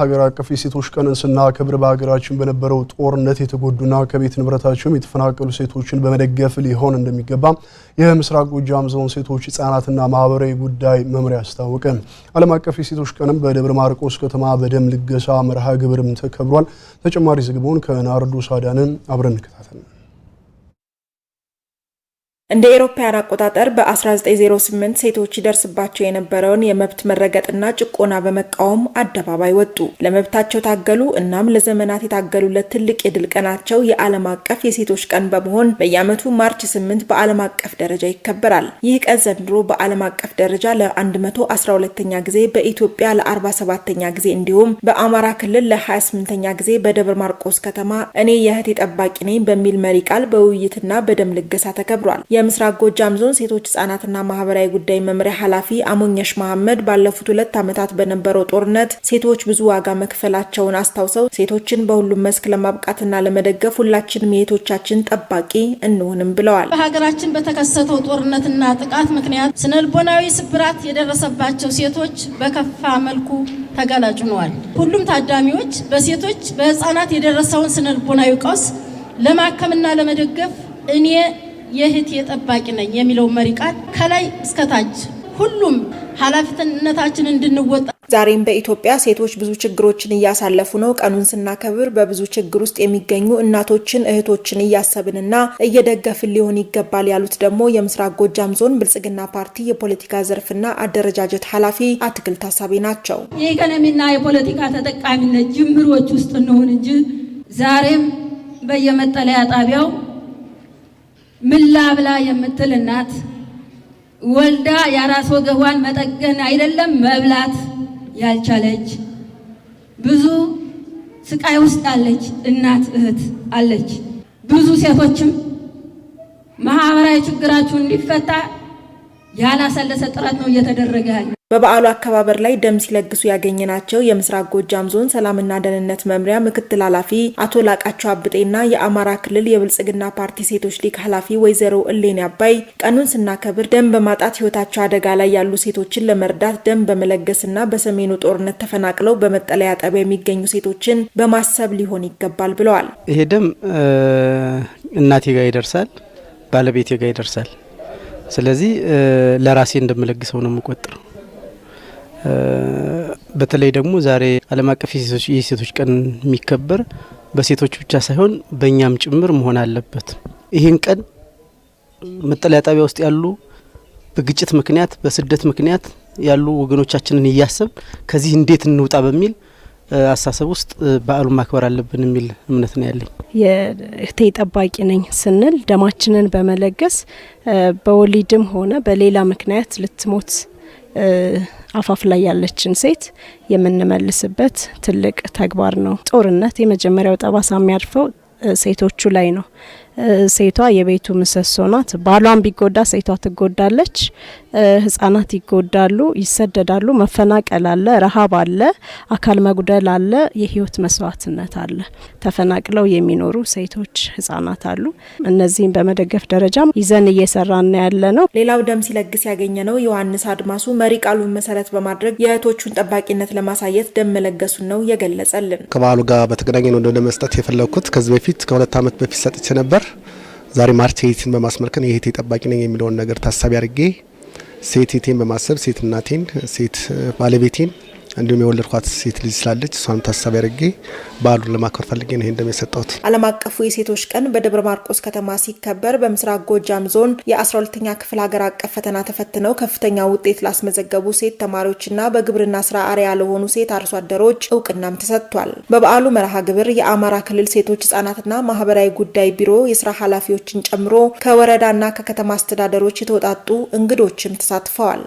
ሀገር አቀፍ የሴቶች ቀንን ስናከብር በሀገራችን በነበረው ጦርነት የተጎዱና ከቤት ንብረታቸውም የተፈናቀሉ ሴቶችን በመደገፍ ሊሆን እንደሚገባ የምስራቅ ጎጃም ዞን ሴቶች ህጻናትና ማህበራዊ ጉዳይ መምሪያ አስታወቀ። ዓለም አቀፍ የሴቶች ቀንም በደብረ ማርቆስ ከተማ በደም ልገሳ መርሃ ግብርም ተከብሯል። ተጨማሪ ዘገባውን ከናርዶ ሳዳንን አብረን እንከታተል። እንደ ኤሮፓያን አቆጣጠር በ1908 ሴቶች ይደርስባቸው የነበረውን የመብት መረገጥና ጭቆና በመቃወም አደባባይ ወጡ። ለመብታቸው ታገሉ። እናም ለዘመናት የታገሉለት ትልቅ የድል ቀናቸው የዓለም አቀፍ የሴቶች ቀን በመሆን በየዓመቱ ማርች 8 በዓለም አቀፍ ደረጃ ይከበራል። ይህ ቀን ዘንድሮ በዓለም አቀፍ ደረጃ ለ112ኛ ጊዜ፣ በኢትዮጵያ ለ47ኛ ጊዜ እንዲሁም በአማራ ክልል ለ28ኛ ጊዜ በደብረ ማርቆስ ከተማ እኔ የእህቴ ጠባቂ ነኝ በሚል መሪ ቃል በውይይትና በደም ልገሳ ተከብሯል። የምስራቅ ጎጃም ዞን ሴቶች ህጻናትና ማህበራዊ ጉዳይ መምሪያ ኃላፊ አሞኘሽ መሐመድ ባለፉት ሁለት ዓመታት በነበረው ጦርነት ሴቶች ብዙ ዋጋ መክፈላቸውን አስታውሰው ሴቶችን በሁሉም መስክ ለማብቃትና ለመደገፍ ሁላችንም የእህቶቻችን ጠባቂ እንሆንም ብለዋል። በሀገራችን በተከሰተው ጦርነትና ጥቃት ምክንያት ስነልቦናዊ ስብራት የደረሰባቸው ሴቶች በከፋ መልኩ ተጋላጭ ሆነዋል። ሁሉም ታዳሚዎች በሴቶች በህፃናት የደረሰውን ስነልቦናዊ ቀውስ ለማከምና ለመደገፍ እኔ የእህት የጠባቂ ነኝ የሚለው መሪ ቃል ከላይ እስከታች ሁሉም ኃላፊነታችን እንድንወጣ ዛሬም በኢትዮጵያ ሴቶች ብዙ ችግሮችን እያሳለፉ ነው። ቀኑን ስናከብር በብዙ ችግር ውስጥ የሚገኙ እናቶችን፣ እህቶችን እያሰብንና እየደገፍን ሊሆን ይገባል ያሉት ደግሞ የምስራቅ ጎጃም ዞን ብልጽግና ፓርቲ የፖለቲካ ዘርፍና አደረጃጀት ኃላፊ አትክልት ሀሳቤ ናቸው። የኢኮኖሚና የፖለቲካ ተጠቃሚነት ጅምሮች ውስጥ እንሆን እንጂ ዛሬም በየመጠለያ ጣቢያው ምላ ብላ የምትል እናት ወልዳ የአራስ ወገቧን መጠገን አይደለም መብላት ያልቻለች ብዙ ስቃይ ውስጥ አለች እናት እህት አለች። ብዙ ሴቶችም ማህበራዊ ችግራችሁ እንዲፈታ ያላሰለሰ ጥረት ነው እየተደረገ ያለ በበዓሉ አከባበር ላይ ደም ሲለግሱ ያገኘናቸው የምስራቅ ጎጃም ዞን ሰላምና ደህንነት መምሪያ ምክትል ኃላፊ አቶ ላቃቸው አብጤና የአማራ ክልል የብልጽግና ፓርቲ ሴቶች ሊግ ኃላፊ ወይዘሮ እሌኒ አባይ ቀኑን ስናከብር ደም በማጣት ህይወታቸው አደጋ ላይ ያሉ ሴቶችን ለመርዳት ደም በመለገስና በሰሜኑ ጦርነት ተፈናቅለው በመጠለያ ጣቢያ የሚገኙ ሴቶችን በማሰብ ሊሆን ይገባል ብለዋል። ይሄ ደም እናቴ ጋር ይደርሳል፣ ባለቤቴ ጋር ይደርሳል። ስለዚህ ለራሴ እንደምለግሰው ነው የምቆጥረው በተለይ ደግሞ ዛሬ ዓለም አቀፍ የሴቶች ቀን የሚከበር በሴቶች ብቻ ሳይሆን በእኛም ጭምር መሆን አለበት። ይህን ቀን መጠለያ ጣቢያ ውስጥ ያሉ በግጭት ምክንያት በስደት ምክንያት ያሉ ወገኖቻችንን እያሰብ ከዚህ እንዴት እንውጣ በሚል አሳሰብ ውስጥ በዓሉን ማክበር አለብን የሚል እምነት ነው ያለኝ። የእህቴ ጠባቂ ነኝ ስንል ደማችንን በመለገስ በወሊድም ሆነ በሌላ ምክንያት ልትሞት አፋፍ ላይ ያለችን ሴት የምንመልስበት ትልቅ ተግባር ነው። ጦርነት የመጀመሪያው ጠባሳ የሚያርፈው ሴቶቹ ላይ ነው። ሴቷ የቤቱ ምሰሶ ናት። ባሏን ቢጎዳ ሴቷ ትጎዳለች፣ ህጻናት ይጎዳሉ፣ ይሰደዳሉ። መፈናቀል አለ፣ ረሀብ አለ፣ አካል መጉደል አለ፣ የህይወት መስዋዕትነት አለ። ተፈናቅለው የሚኖሩ ሴቶች፣ ህጻናት አሉ። እነዚህም በመደገፍ ደረጃ ይዘን እየሰራን ያለ ነው። ሌላው ደም ሲለግስ ያገኘ ነው። ዮሐንስ አድማሱ መሪ ቃሉን መሰረት በማድረግ የእህቶቹን ጠባቂነት ለማሳየት ደም መለገሱን ነው የገለጸልን። ከበዓሉ ጋር በተገናኘ ነው ደም መስጠት የፈለግኩት። ከዚህ በፊት ከሁለት ዓመት በፊት ሰጥቼ ነበር ነበር። ዛሬ ማርች ኤይትን በማስመልከት የእህቴ ጠባቂ ነኝ የሚለውን ነገር ታሳቢ አድርጌ ሴት እህቴን በማሰብ ሴት እናቴን፣ ሴት ባለቤቴን እንዲሁም የወለድኳት ሴት ልጅ ስላለች እሷንም ታሳቢ አድርጌ በዓሉን ለማክበር ፈልጌ ነው ይህን የሰጠሁት። ዓለም አቀፉ የሴቶች ቀን በደብረ ማርቆስ ከተማ ሲከበር በምስራቅ ጎጃም ዞን የ12ኛ ክፍል ሀገር አቀፍ ፈተና ተፈትነው ከፍተኛ ውጤት ላስመዘገቡ ሴት ተማሪዎችና በግብርና ስራ አርያ ለሆኑ ሴት አርሶ አደሮች እውቅናም ተሰጥቷል። በበዓሉ መርሃ ግብር የአማራ ክልል ሴቶች ህጻናትና ማህበራዊ ጉዳይ ቢሮ የስራ ኃላፊዎችን ጨምሮ ከወረዳና ከከተማ አስተዳደሮች የተውጣጡ እንግዶችም ተሳትፈዋል።